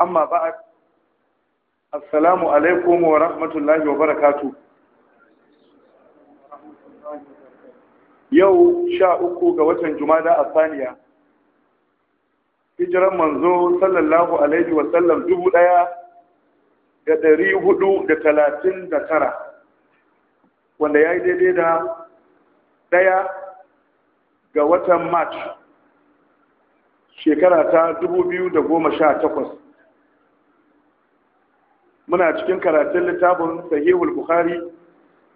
amma ba assalamu alaikum wa rahmatullahi wa barakatu yau sha uku ga watan jumada a saniya hijiran manzo sallallahu alaihi wa sallam dubu daya da dari hudu da talatin da tara wanda ya yi daidai da daya ga watan march shekara ta dubu biyu da goma sha takwas muna cikin karatun littafin sahihul bukhari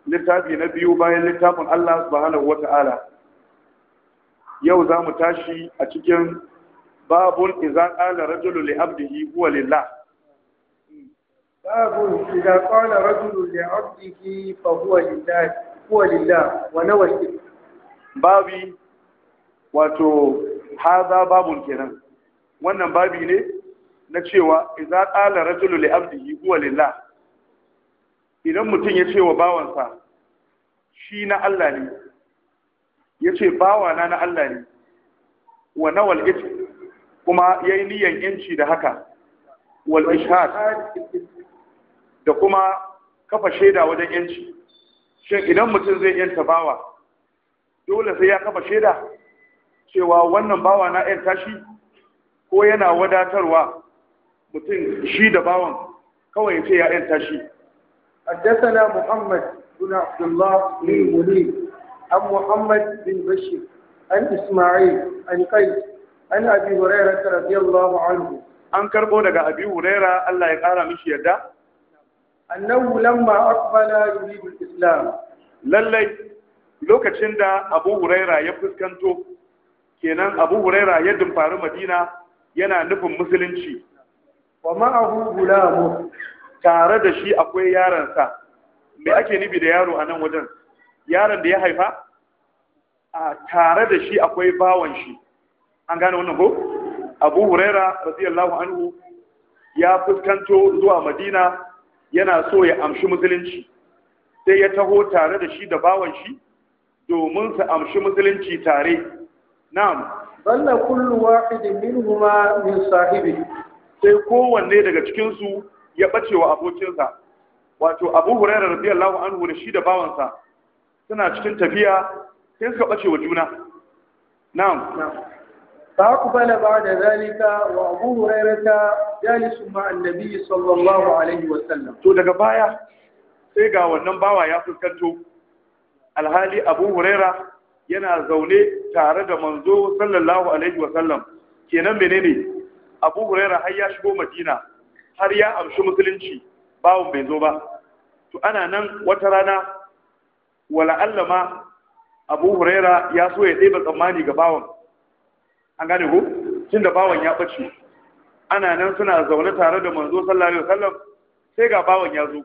littafi na biyu bayan littafin Allah subhanahu wata'ala yau za mu tashi a cikin babun iza qala rajulu li abdihi huwa lillah babun iza qala rajulu li abdihi fa huwa lillah huwa lillah wa nawa babi wato haza babun kenan wannan babi ne na cewa idza qala rajulu li abdihi huwa lillah idan mutum ya ce wa bawansa shi na Allah ne ya ce bawana na Allah ne wa nawal it kuma yayi niyan yanci da haka wal ishhad da kuma kafa shaida wajen yanci shin idan mutum zai yanta bawa dole sai ya kafa shaida cewa wannan bawa na yanta shi ko yana wadatarwa mutum shi da bawan kawai ce ya yanta shi حدثنا محمد بن عبد الله بن منيب عن محمد بن بشير عن اسماعيل عن قيس عن ابي هريره رضي الله an karbo daga abi huraira Allah ya kara mishi yadda annahu lamma aqbala yuridu islam lallai lokacin da abu huraira ya fuskanto kenan abu huraira ya dumfari madina yana nufin musulunci wa ma'ahu gulamu tare da shi akwai yaransa me ake nufi da yaro a nan wajen yaron da ya haifa a tare da shi akwai bawan shi an gane wannan ko abu huraira radiyallahu anhu ya fuskanto zuwa madina yana so ya amshi musulunci sai ya taho tare da shi da bawan shi domin su amshi musulunci tare na'am balla kullu wahidin minhuma min sahibi sai kowanne daga cikinsu ya ɓace wa abokinsa wato abu hurairar radiyallahu anhu da shi da bawansa suna cikin tafiya sai suka ɓace wa juna na'am فأقبل بعد ذلك وأبو هريرة جالس مع النبي صلى الله wa sallam. To daga baya sai ga wannan bawa ya fuskanto alhali Abu Huraira yana zaune tare da manzo sallallahu alaihi wa sallam kenan menene abu huraira har ya shigo madina har ya amshi musulunci bawon bai zo ba to ana nan wata rana wala allama abu huraira ya so ya ɗeba tsammani ga bawon an gane ko tun da bawon ya ɓace ana nan suna zaune tare da manzo sallallahu alaihi wasallam sai ga bawon ya zo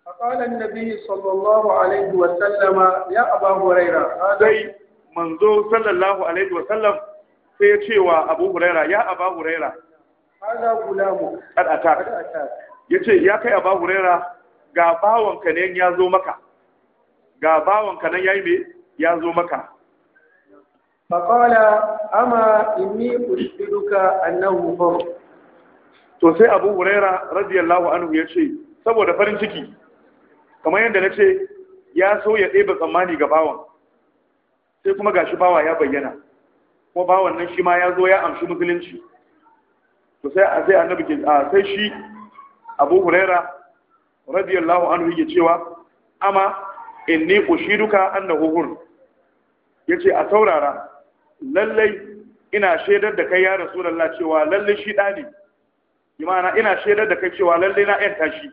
فقال النبي صلى الله عليه وسلم يا أبا هريرة sai manzo sallallahu alaihi wasallam sai ya ce wa abu huraira ya aba huraira ana gulamu kad ya ce ya kai aba huraira ga bawanka ne ya zo maka ga bawanka nan yi me ya zo maka فقال أما إني أشهدك أنه فر to sai Abu Huraira radiyallahu anhu ya ce saboda farin ciki kamar yadda na ce ya so ya ɗebe tsammani ga bawan sai kuma gashi bawa ya bayyana ko ba wannan shi ma ya zo ya amshi musulunci to sai a sai annabi ke sai shi Abu Huraira radiyallahu anhu yake cewa amma inni ushiduka annahu hur yace a saurara lallai ina shaidar da kai ya rasulullah cewa lallai shi da ne imana ina shaidar da kai cewa lallai na yanta shi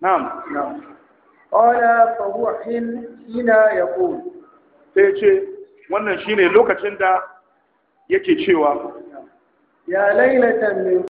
na'am na'am qala fa huwa hin ina yaqul sai ce wannan shine lokacin da yake cewa ya lailatan min